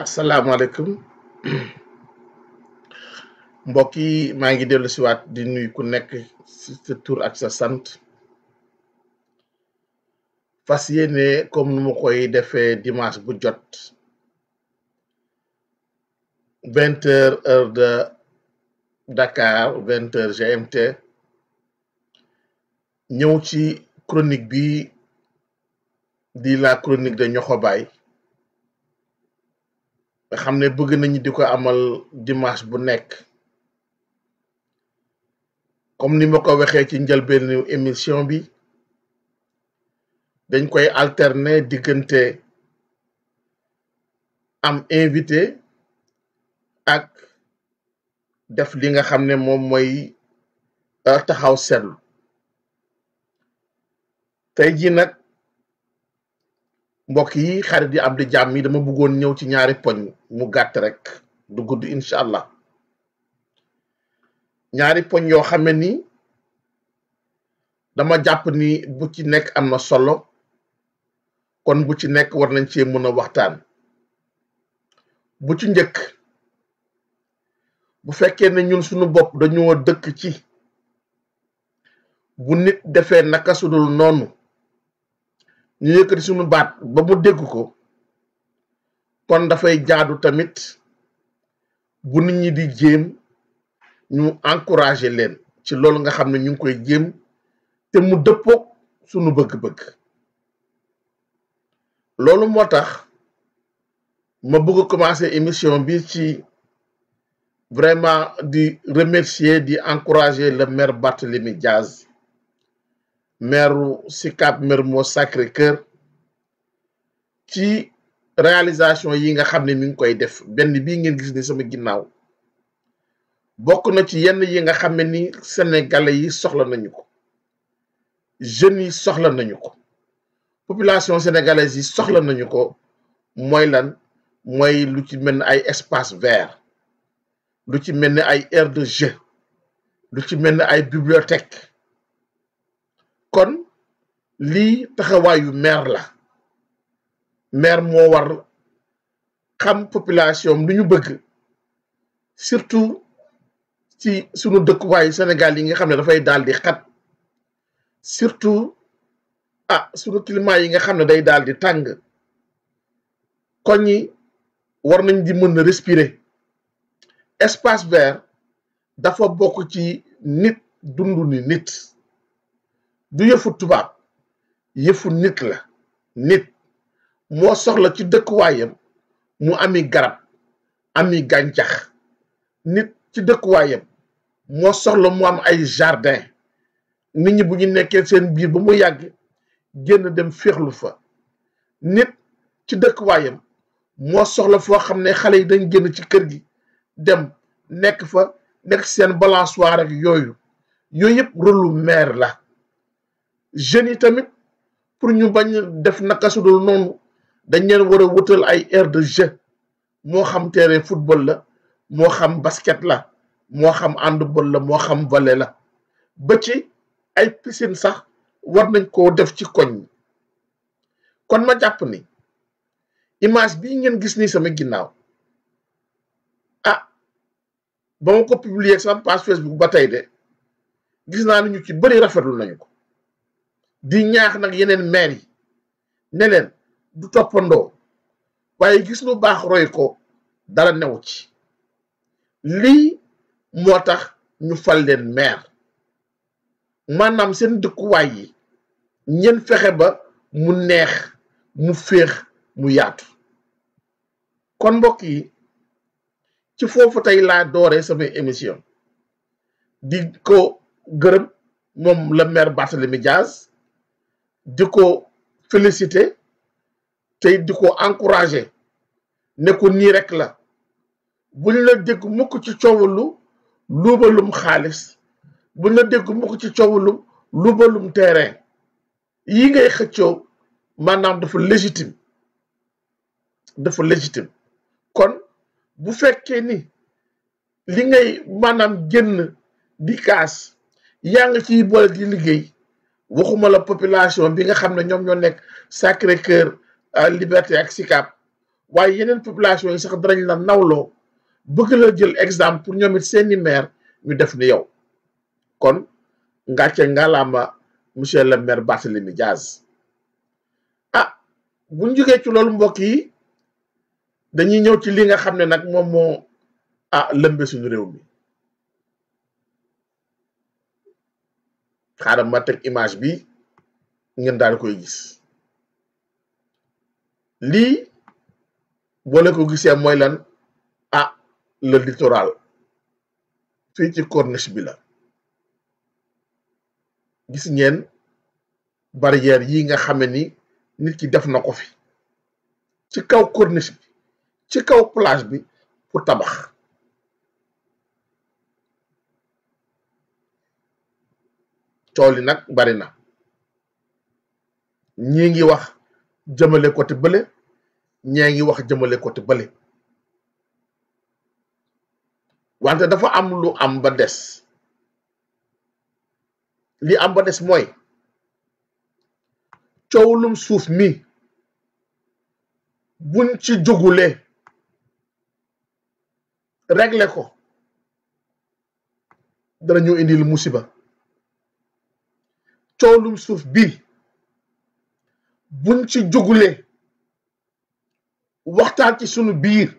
asalaamaaleykum mbokk yi maa ngi dellu siwaat di nuyu ku nekk ci sa tur ak sa sant fas yéene comme nu ma koy defee dimanche bu jot vingt heures heure de Dakar vingt heures GMT ñëw ci chronique bi di la chronique de Niokhobaye nga xam ne bëgg nañu di ko amal dimanche bu nekk comme ni ma ko waxee ci njëlbeenu émission bi dañ koy alterner diggante am invité ak def li nga xam ne moom mooy euh, taxaw seetlu tey jii mbokk yi xarit yi am di jàmm yi dama bëggoon ñëw ci ñaari poñ mu gàtt rek du gudd incha allah ñaari poñ yoo xam ne ni dama jàpp ni bu ci nekk am na solo kon bu ci nekk war nañ cee mën a waxtaan bu ci njëkk bu fekkee ne ñun sunu bopp dañoo dëkk ci bu nit defee naka sudul noonu ñu yëkkati suñu baat ba mu dégg ko kon dafay jaadu tamit bu nit ñi di jéem ñu encourager leen ci loolu nga xam ne ñu ngi koy jéem te mu dëppoog sunu bëgg-bëgg loolu moo tax ma bëgg a commencer émission bi ci vraiment di remercier di encourager le maire Barthélémy Diaz meeru Sicap moo Sacré-Cœur ci réalisation yi nga xam ne mi ngi koy def benn bii ngeen gis ni sama ginnaaw bokk na ci yenn yi nga xam ne ni sénégalais yi soxla nañu ko jeunes yi soxla nañu ko population sénégalaise yi soxla nañu ko mooy lan mooy lu ci mel ni ay espace vert lu ci mel ni ay aire de jeu lu ci mel ni ay bibliothèque kon lii taxawaayu meer la maire moo war xam population lu ñu bëgg surtout ci sunu dëkkuwaayu Sénégal yi nga xam ne dafay daal di xat surtout ah sunu climat yi nga xam ne day daal di tàng koñ war nañ di mën na respirer espace vert dafa bokk ci nit dund ni nit du yëfu tubaab yëfu nit la nit moo soxla ci dëkkuwaayam mu ami garab ami gàncax nit ci dëkkuwaayam moo soxla mu am ay jardin nit ñi bu ñu nekkee seen biir ba mu yàgg génn dem féexlu fa nit ci dëkkuwaayam moo soxla foo xam ne xale yi dañ génn ci kër gi dem nekk fa nekk seen balançoire ak yooyu yooyu yëpp rôle lu maire la jeunes yi tamit pour ñu bañ def naka su noonu dañ leen war a wutal ay aire de jeu moo xam terrain football la moo xam basket la moo xam ànd handball la moo xam volley la ba ci ay piscine sax war nañ koo def ci koñ kon ma jàpp ni image bii ngeen gis nii sama ginnaaw ah ba ma ko publier sama page Facebook ba tey de gis naa ni ñu ci bëri rafetul nañu ko di ñaax nag yeneen meer yi ne leen du toppandoo waaye gis lu baax roy ko dara new ci lii moo tax ñu fal leen maire maanaam seen dëkkuwaay yi ñeen fexe ba mu neex mu féex mu yaatu kon mbokk yi ci foofu tey laa doore samay émission di ko gërëm moom le maire Barthélémy Dias di ko féliciter tey di ko encourager ne ko nii rek la buñ la dégg mukk ci coowalu luubalum xaalis buñ la dégg mukk ci coowalu luubalum terrain yi ngay xëccoo maanaam dafa légitime dafa légitime kon bu fekkee ni li ngay maanaam génn di kaas yaa ngi ciy boole di liggéey waxuma la population bi nga xam ne ñoom ñoo nekk Sacré Cœur euh, Liberté ak Sicap waaye yeneen population yi sax danañ la nawloo bëgg la jël exemple pour ñoom seeni maire ñu def ni yow kon ngàcce ngalaama monsieur le maire Barthélémy Dias ah buñ jógee ci loolu mbokk yi dañuy ñëw ci li nga xam ne nag moom moo ah lëmbe suñu réew mi xaaral ma teg image bi ngeen daal koy gis lii boole ko gisee mooy lan a ah, le littoral fii ci corniche bi la gis ngeen barrière yi nga xame ni nit ki def na ko fi ci kaw corniche bi ci kaw plage bi pour tabax cool yi nag bari na ñii ngi wax jëmale côté bële ñee ngi wax jëmale côté bële wante dafa am lu am ba des li am ba des mooy coowlum suuf mi bu buñ ci jógulee regle ko dana indi lu musiba coolum suuf bii buñ ci jógulee waxtaan ci sunu biir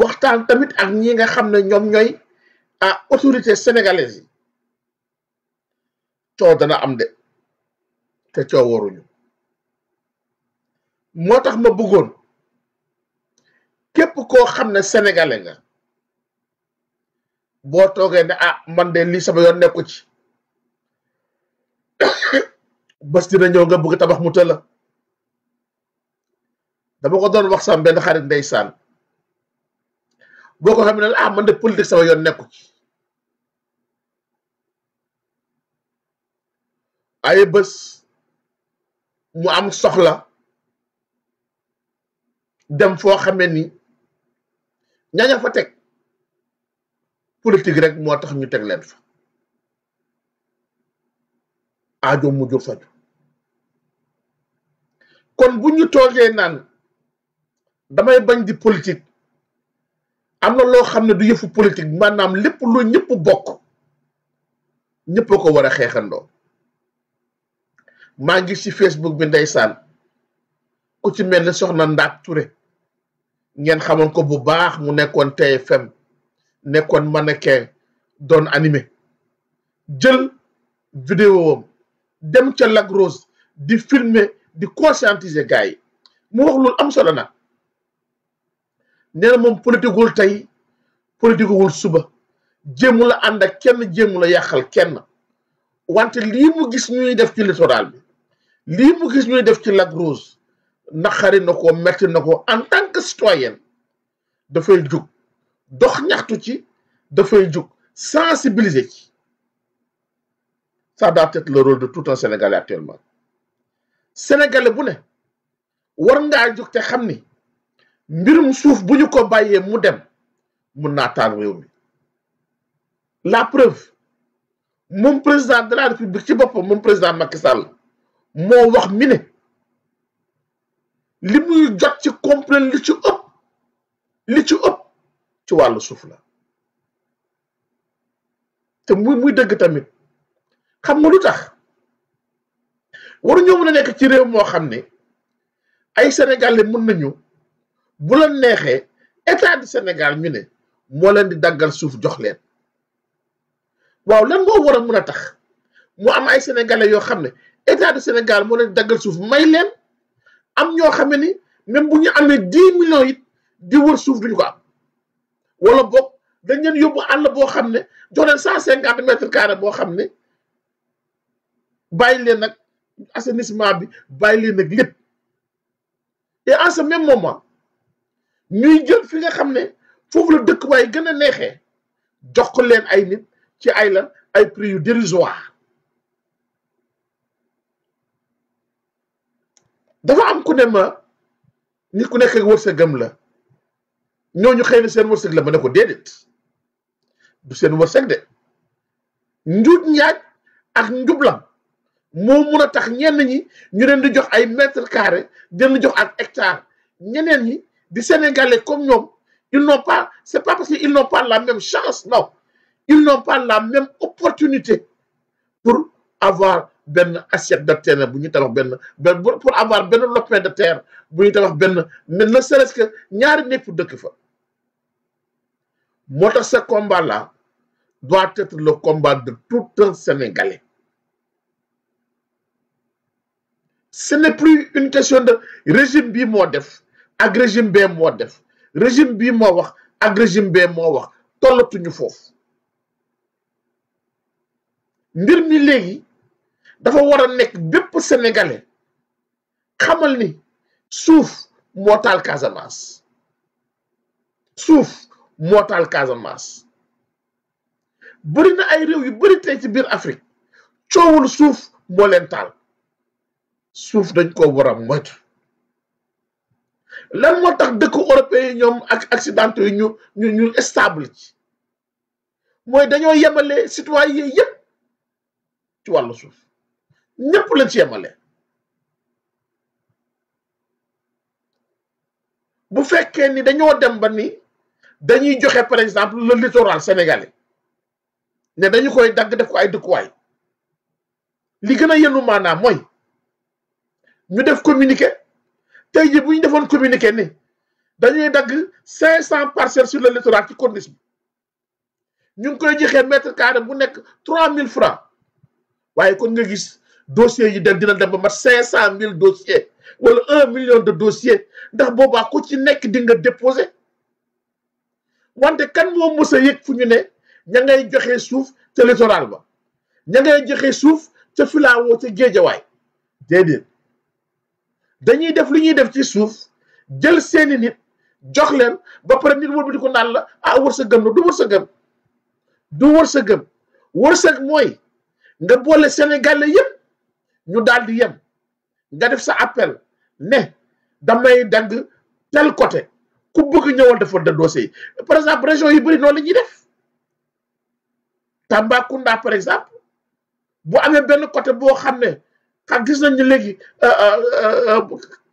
waxtaan tamit ak ñi nga xam ne ñoom ñooy a ah, autorité sénégalaise yi coow dana am de te coow waruñu moo tax ma bëggoon képp koo xam ne sénégalais nga boo toogee ne a ah, man de lii sama yoon nekku ci bés dina ñëw nga bëgg tabax mu tëla dama ko doon wax sama benn xarit ndeysaan boo ko xam ne ah man de politique sama yoon nekku ci ay bés mu am soxla dem foo xamee ni ñaña fa teg politique rek moo tax ñu teg leen fa aajo mujj faju kon bu ñu toogee naan damay bañ di politique am na loo xam ne du yëfu politique maanaam lépp lu ñëpp bokk ñëpp ko war a xeexandoo maa ngi ci Facebook bi ndeysaan ku ci mel ni soxna Ndaat Touré ngeen xamoon ko bu baax mu nekkoon TFM nekkoon mannequin doon animé jël vidéo dem ca Lac di filmer di conscientiser gars yi mu wax loolu am solo nag nee na moom politiquewul tey politiquewul suba jéemu la ànd ak kenn jéemu la yàqal kenn wante lii mu gis ñuy def ci littoral bi lii mu gis ñuy def ci lagrose Rose naqari na ko metti na ko en tant que citoyen dafay jug dox ñaxtu ci dafay jug sensibiliser ci ça doit être le rôle de tout un Sénégalais actuellement Sénégalais bu ne war ngaa jóg te xam ni mbirum suuf bu ñu ko bàyyee mu dem mu naa taal réew mi la preuve moom président de la république ci boppam moom président Macky moo wax mi ne li muy jot ci compléne li ci ëpp li ci ëpp ci wàllu suuf la te muy muy dëgg tamit xam nga lu tax waru ñoo mën a nekk ci réew moo xam ne ay sénégalais mën nañu bu la neexee état du Sénégal ñu ne moo leen di daggal suuf jox leen waaw lan moo war a mën a tax mu am ay sénégalais yoo xam ne état du Sénégal moo leen di daggal suuf may leen am ñoo xam ne ni même bu ñu amee dix millions it di wër suuf duñu ko am wala boog dañ leen yóbbu àll boo xam ne jox leen cent cinquante mètres carrés boo xam ne. bàyyi leen nag assainissement bi bàyyi leen nag lépp et en ce même moment ñuy jël fi nga xam ne foofu la dëkkuwaay gën a neexee jox ko leen ay nit ci ay la ay prix yu dérisoire dafa am ku ne ma nit ku nekk ak wërsëgam la ñooñu xëy na seen wërsëg la ma ne ko déedéet du seen wërsëg de njuut ñaaj ak njublam moo mun a tax ñenn ñi ñu leen di jox ay mètre carré di jox ak hectare ñeneen ñi di sénégalais comme ñoom ils n'ont pas c'est pas parce que ils n'ont pas la même chance non ils n'ont pas la même opportunité pour avoir benn assiette de terre bu ñu tabax benn pour avoir benn lopin de terre bu ñu tabax benn mais ne serait-ce que ñaari népp dëkk de moo tax ce combat là doit être le combat de tout un ce n'est plus une question de régime bii moo def ak régime bee moo def régime bii moo wax ak régime bee moo wax tollatuñu foofu mbir mi léegi dafa war a nekk bépp sénégalais xamal ni suuf moo taal Casamance suuf moo taal bëri na ay réew yu bëri tey ci biir Afrique coowul suuf moo leen taal suuf dañ ko war a moytu lan moo tax dëkku européen yi ñoom ak accidentaux yi ñu ñu ñu stable ci mooy dañoo yemale citoyen yi yëpp ci wàllu suuf ñëpp lañ ci yemale bu fekkee ni dañoo dem ba ni dañuy joxe par exemple le littoral sénégalais ne dañu koy dagg def ko ay dëkkuwaay li gën a yenu maanaam mooy ñu def communiqué tey jii bu ñu defoon communiqué ni dañuy dagg cinq cent parcelles sur le littoral ci corniche bi ñu ngi koy joxee mètre carré bu nekk trois mille francs waaye kon nga gis dossiers yi dem dina dem ba mat cinq cent mille dossiers wala un million de dossiers ndax boobaa ku ci nekk di nga déposé wante kan moo mës yëg fu ñu ne ña ngay joxee suuf ca littoral ba ña ngay joxee suuf ca filaawo ca géejawaay déedéet dañuy def lu ñuy def ci suuf jël seeni nit jox leen ba pare nit wër di ko naan la ah wërsëgam na du wërsëgam du wërsëgam wërsëg mooy nga boole Sénégalais yëpp ñu daal yem nga def sa appel ne damay dagg tel côté ku bëgg ñëwal dafa dëndoose yi par exemple région yi bëri noo la ñuy def Tambacounda par exemple bu amee benn côté boo xam ne xam gis nañ ni léegi euh, euh, euh,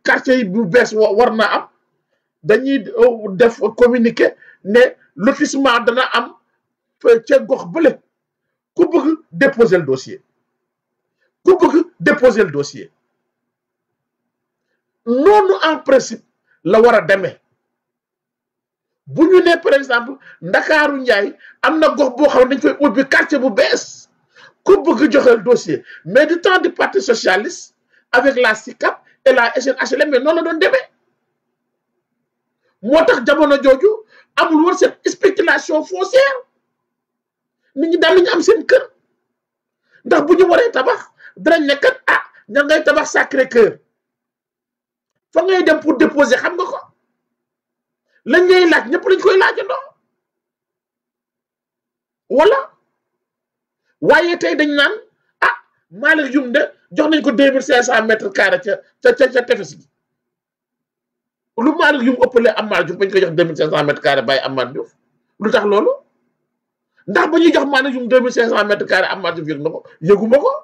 quartier bu bees war naa am dañuy def communiqué ne lotissement dana am ca gox bële ku bëgg déposer le dossier ku bëgg déposer le dossier noonu en principe la war a demee bu ñu ne par exemple ndakaaru njaay am na gox boo xam ne dañ koy ubbi quartier bu bees ku bëgg joxe dossier mais du temps du parti socialiste avec la SICAP et la SNHLM mais noonu la doon demee moo tax jamono jooju amul woon cette spéculation foncière mi ñi daal ñu am seen kër ndax bu ñu waree tabax danañ nekkat ah ñan ngay tabax Sacré Cœur fa ngay dem pour déposer xam nga ko lañ ngay laaj ñëpp lañ koy laajandoo wala. waaye tey dañ naan ah Malick Youm de jox nañ ko deux mille cinq cent mètres carrés ca ca ca tefes gi lu ëpp Youm am Amar Diouf bañ ko jox deux mille cinq cent mètres carrés bàyyi Amar Diouf lu tax loolu ndax ba ñuy jox Malick Youm deux mille cinq cent mètres carrés Amar Diouf yëg na ko yëgu ma ko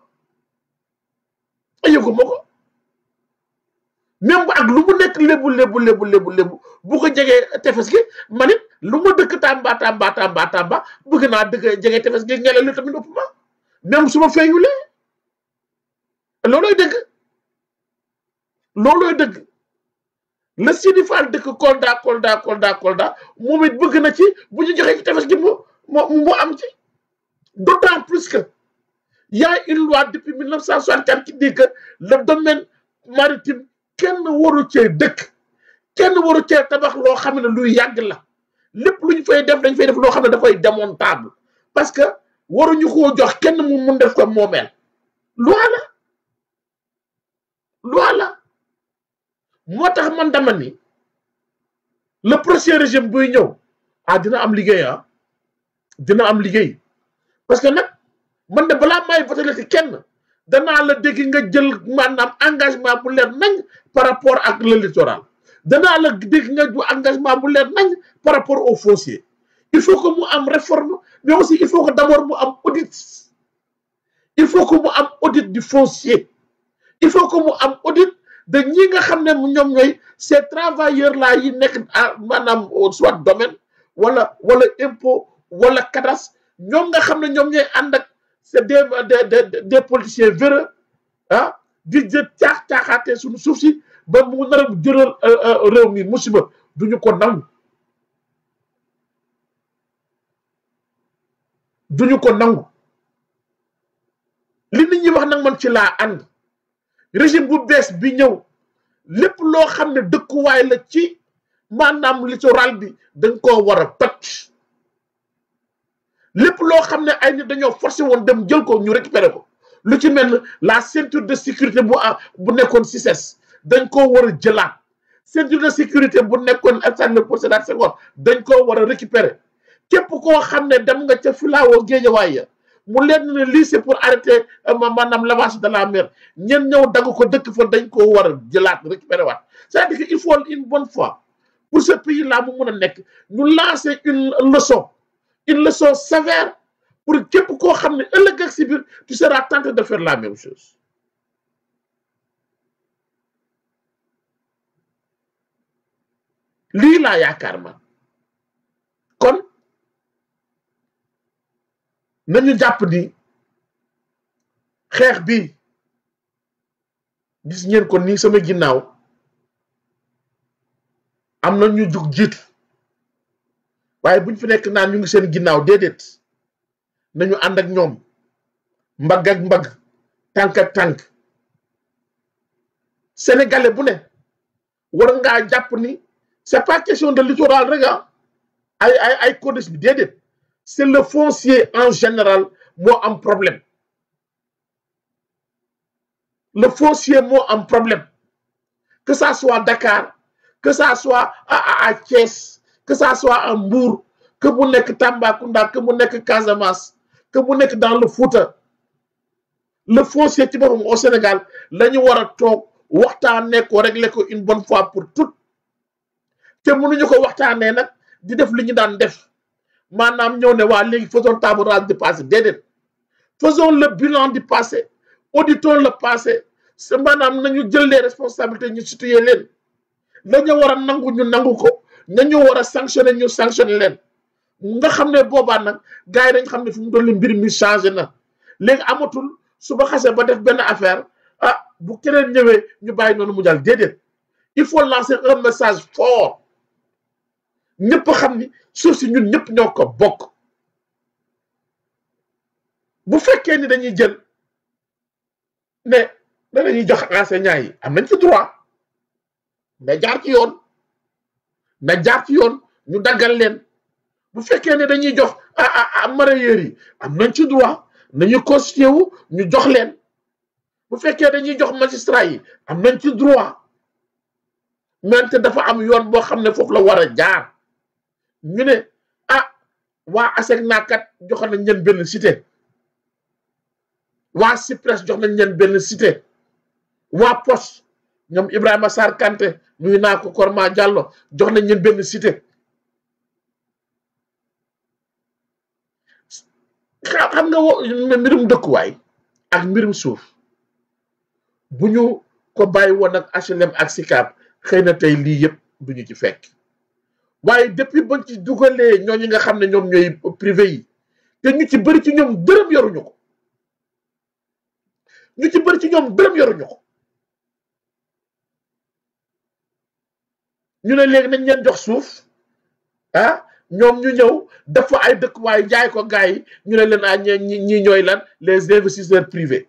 yëgu ma ko même bu ak lu mu nekk lébu lébu lébu lébu lébu bu ko jegee tefes gi man it lu ma dëkk Tamba Tamba Tamba Tamba bëgg naa dëkk jege tefes gi ngelaw li tamit ëpp ma même su ma feeñulee loolooy dëgg loolooy dëgg la Sidi dëkk Kolda Kolda Kolda Kolda moom it bëgg na ci bu ñu joxee ci tefes gi mu mu am ci d'autant plus que y a une loi depuis mille neuf cent soixante-quatre qui dit que le domaine maritime kenn waru cee dëkk kenn waru cee tabax loo xam na luy yàgg la lépp lu ñu fay def dañ fay loo xam ne dafay démontable parce que waruñu koo jox kenn mu mun def ko moomeel loi la loi la moo tax man dama ni le prochain régime buy ñëw ah dina am liggéey ah. dina am liggéey parce que nag man de balaa may voté ci kenn danaa la dégg nga jël maanaam engagement bu leer nañ par rapport a le littoral danaa la dégg nga ju engagement bu leer nañ par rapport au foncier il faut que mu am réforme mais aussi il faut que d'abord mu am audit il faut que mu am audit du foncier il faut que mu am audit de ñi nga xam ne ñoom ñooy ces travailleurs là yi nekk maanaam soit domaine wala wala impôt wala cadastre ñoom nga xam ne ñoom ñooy ànd ak c'est des des des politiciens véreux ah di suñu suuf si ba mu nar a jëral euh, euh, réew mi musiba duñu ko nangu duñu ko nangu li nit ñi wax nag man ci laa ànd régime bu bees bi ñëw lépp loo xam ne dëkkuwaay la ci maanaam littoral bi dañ koo war a toj lépp loo xam ne ay nit dañoo forcé woon dem jël ko ñu récupéré ko lu ci mel la ceinture de sécurité bu ah, bu nekkoon CICES dañ koo war a jëlaat ceinture de sécurité bu nekkoon Stade Le Portudal Senghor dañ koo war a récupéré képp koo xam ne dem nga ca filaawo géejawaay ya mu leen ne lii c'est pour arrêter euh, maanaam lavage de la mer ñen ñëw dagg ko dëkk fa dañ ko war a jëlaat récupéré waat cest à il faut une bonne fois pour ce pays là mu mun a nekk ñu lancer une leçon une leçon sévère pour képp koo xam ne ëllëg ak si biir tu seras tenté de faire la même chose lii laa yaakaar man nañu jàpp ni xeex bi gis ngeen ko nii sama ginnaaw am na ñu jug jiit waaye buñ fi nekk naa ñu ngi seen ginnaaw déedéet nañu ànd ak ñoom mbagg ak mbagg tànk ak tànk bu ne war ngaa jàpp ni c'est pas question de littoral rek ah ay ay ay codice bi c'est le foncier en général moo am problème le foncier moo am problème que ça soit Dakar que ça soit à à Thiès que ça soit à Mbour que mu nekk Tambacounda que mu nekk Casamance que mu nekk dans le Fouta le foncier ci boppam au Sénégal la ñu war a toog waxtaanee ko régler ko une bonne fois pour tout te mënuñu ko waxtaanee nag di def li ñu daan def. maanaam ñëw ne waa léegi faisons table rase du passé déedéet faisons le bilan du passé auditons la passé c'est maanaam nañu jël les responsabilité ñu situé leen nañu war a nangu ñu nangu ko nañu war a sanctionné ñu sanctionné leen nga xam ne boobaa nag gars yi dañ xam ne fu mu doon li mbir mi changé na léegi amatul su ba xasee ba def benn affaire ah bu keneen ñëwee ñu bàyyi noonu mu jàll déedéet il faut lancer un message fort ñëpp xam ni suuf si ñun ñëpp ñoo ko bokk bu fekkee ni dañuy jël ne danañuy jox enseignant yi am nañ ci droit na jaar ci yoon na jaar ci yoon ñu daggal leen bu fekkee ne dañuy jox a ah, ah, ah, mareyeur yi am nañ ci droit nañu constitué wu ñu jox leen bu fekkee dañuy jox magistrat yi am nañ ci droit dafa am yoon boo xam ne foofu la war a jaar ñu ne ah waa asek naakat joxoon nañ leen benn cité waa Sipres jox nañ leen benn cité waa pos ñoom Ibrahima Sarr Kanté nuyu naa ko Korma Diallo jox nañ leen benn cité xam nga wo mbirum dëkkuwaay ak mbirum suuf bu ñu ko bàyyi woon ak HLM ak SICAP xëy na tey lii bu ñu ci fekk waaye depuis bañ ci dugalee ñi nga xam ne ñoom ñooy privé yi te ñu ci bari ci ñoom dërëm yoruñu ko ñu ci bëri ci ñoom dërëm yoruñu ko ñu ne léegi nañ leen jox suuf ah ñoom ñu ñëw dafa ay dëkkuwaay jaay ko gars yi ñu ne leen ah ñi ñi ñooy lan les investisseurs privés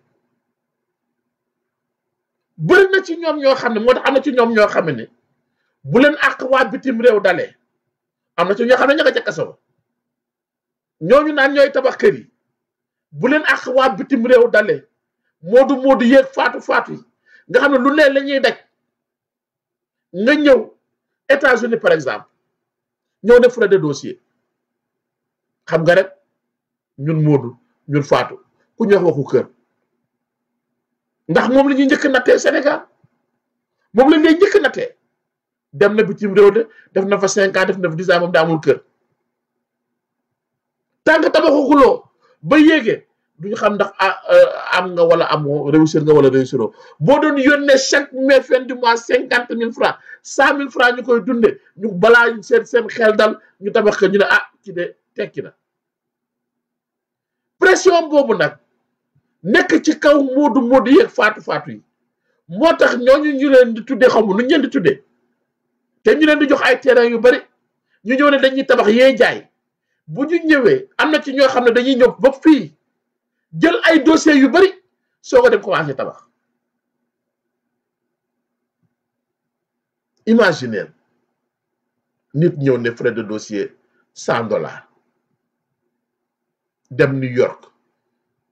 bëri na ci ñoom ñoo xam ne moo tax am na ci ñoom ñoo xam ne bu leen àq waa bitim réew dalee am na ci ñoo xam ne ña nga ca kaso naan ñooy tabax kër yi bu leen àq waa bitim réew dalee moodu moodu yéeg faatu faatu yi nga xam ne lu ne la ñuy deg nga ñëw États-Unis par exemple ñoo def frais de dossier xam nga rek ñun moodu ñun faatu ku ñëw waxu kër ndax moom la ñuy njëkk nattee Sénégal moom la ñuy njëkk nattee dem na bitim réew de def na fa cinq def na fa dix moom daa amul kër tant que ba yéegee duñu xam ndax ah, euh, am nga wala amoo réussir nga wala réussiroo boo doon yónnee chaque mai fin du mois cinquante mille francs cent mille francs ñu koy dundee ñu balaa seen seen xel dal ñu tabax ko ñu ne ah ci de tekki na pression boobu nag nekk ci kaw moodu moodu yeeg faatu faatu yi moo tax ñooñu ñu leen di tuddee xamu nu ñeen di tuddee te ñu leen di jox ay terrain yu bari ñu ñëw ne dañuy tabax yee jaay bu ñu ñëwee am na ci ñoo xam ne dañuy ñëw ba fii jël ay dossiers yu bari soo ko dem commencé tabax imaginer nit ñëw ne frais de dossier cent dem New York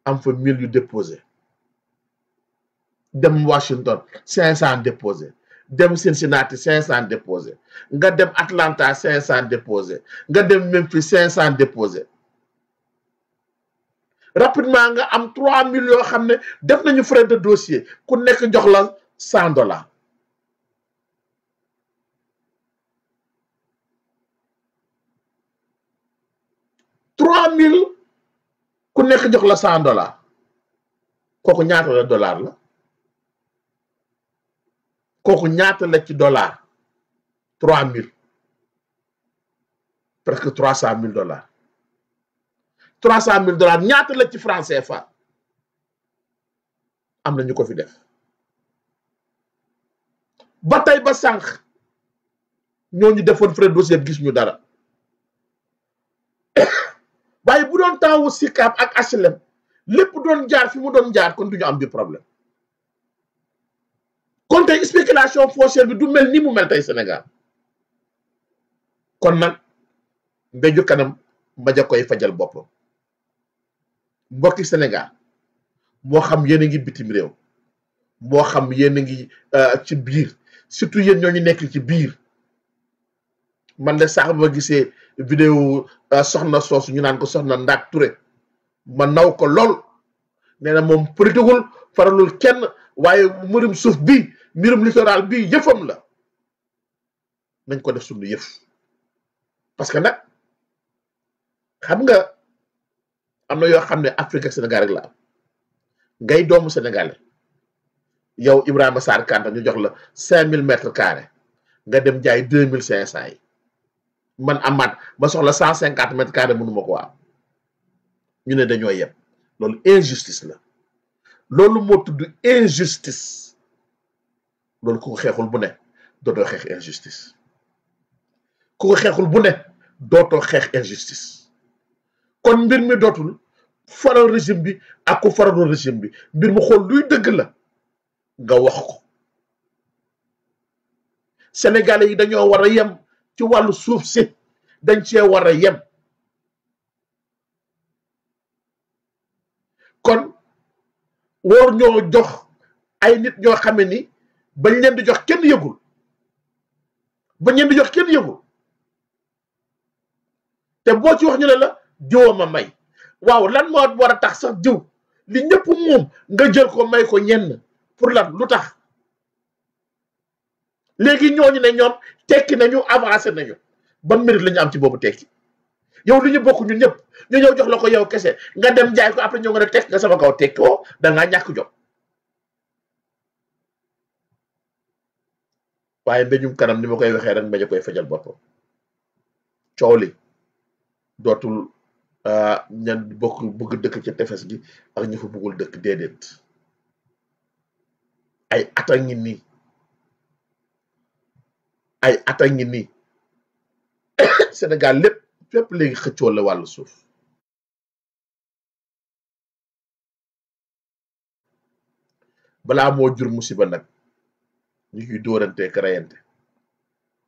am fa mille yu déposé dem Washington cinq cent déposé dem Cincinnati cinq cent déposé nga dem Atlanta cinq cent déposé nga dem Memphis cinq cent déposé rapidement nga am trois mille yoo xam ne def nañu frais de dossier ku nekk jox la cent dollars trois mille ku nekk jox la cent dollars kooku ñaata la dollar la kooku ñaata la ci dollar trois mille presque trois cent mille dollars trois cent mille dollars ñaata la ci franc CFA am na ñu ko fi def ba tey ba sànq ñooñu defoon frais dossier gis ñu dara waaye bu doon temps wu ak HLM lépp doon jaar fi mu doon jaar kon du ñu am bi problème tey spéculation bi du mel ni mu mel tey Sénégal kon nag mbéju kanam mbaja koy fajal boppam mbokki Sénégal moo xam yéen a ngi bitim réew moo xam yéen a ngi euh, ci biir surtout yéen ñooñu nekk ci biir man de sax ma gisee vidéo euh, soxna soosu ñu naan ko soxna Ndaat ture ma naw ko lool nee na moom përitagul faralul kenn waaye mërum suuf bi mbirum littoral bi yëfam la nañ ko def suñu yëf parce que nag xam nga am na yoo xam ne Afrique ak Sénégal rek la am ngay doomu sénégalais yow Ibrahima Sarr Kanta ñu jox la cinq mille mètres nga dem jaay deux mille cinq cent yi man amaat ma soxla cent cinquante mètres carrés mënu ma ko am ñu ne dañoo yem loolu injustice la loolu moo tudd injustice loolu ko xeexul bu ne dootoo xeex injustice ko xeexul bu ne dootoo xeex injustice kon mbir mi dootul faral régime bi ak ku faralul régime bi mbir mu xool luy dëgg la nga wax ko sénégalais yi dañoo war a yem ci wàllu suuf si dañ cee war a yem kon war ñoo jox ay nit ñoo xame ni bañ leen di jox kenn yëgul bañ leen di jox kenn yëgul te boo ci wax ñu ne la jiwam a may waaw lan moo war a tax sax jiw li ñëpp moom nga jël ko may ko ñenn pour lan lu tax léegi ñooñu ne ñoom tekki nañu avancé nañu ban mérite la ñu am ci boobu tekki yow li ñu bokk ñun ñëpp ñu ñëw jox la ko yow kese nga dem jaay ko après ñoo nga a tekk nga sama kaw tekki woo da ngaa ñàkk jom waaye mbéjum kanam ni ma koy waxee rek mbéj koy fajal boppam coow li dootul ah, ñan dëkk ci tefes gi ak ñi fa bëggul dëkk déedéet ay ata ni nii ay ata ngi nii lépp fépp léegi xëccoo la wàllu suuf balaa moo jur musiba nag ñu ciy dóoranteek rayante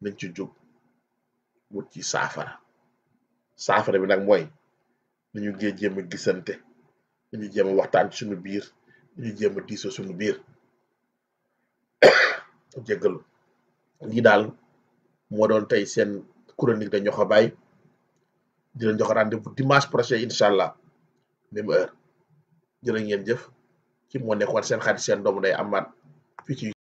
nañ ci jóg wut ci saafara saafara bi nag mooy nañu gee jéem a gisante nañu jëm a waxtaan ci suñu biir nañu jéem a diisoo suñu biir jéggalu lii daal moo doon tey seen chronique de Niokhobaye di leen jox rendez-vous dimanche prochain incha allah même heure jërë ngeen jëf ci moo nekkoon seen xarit seen doomu day amaat fii ci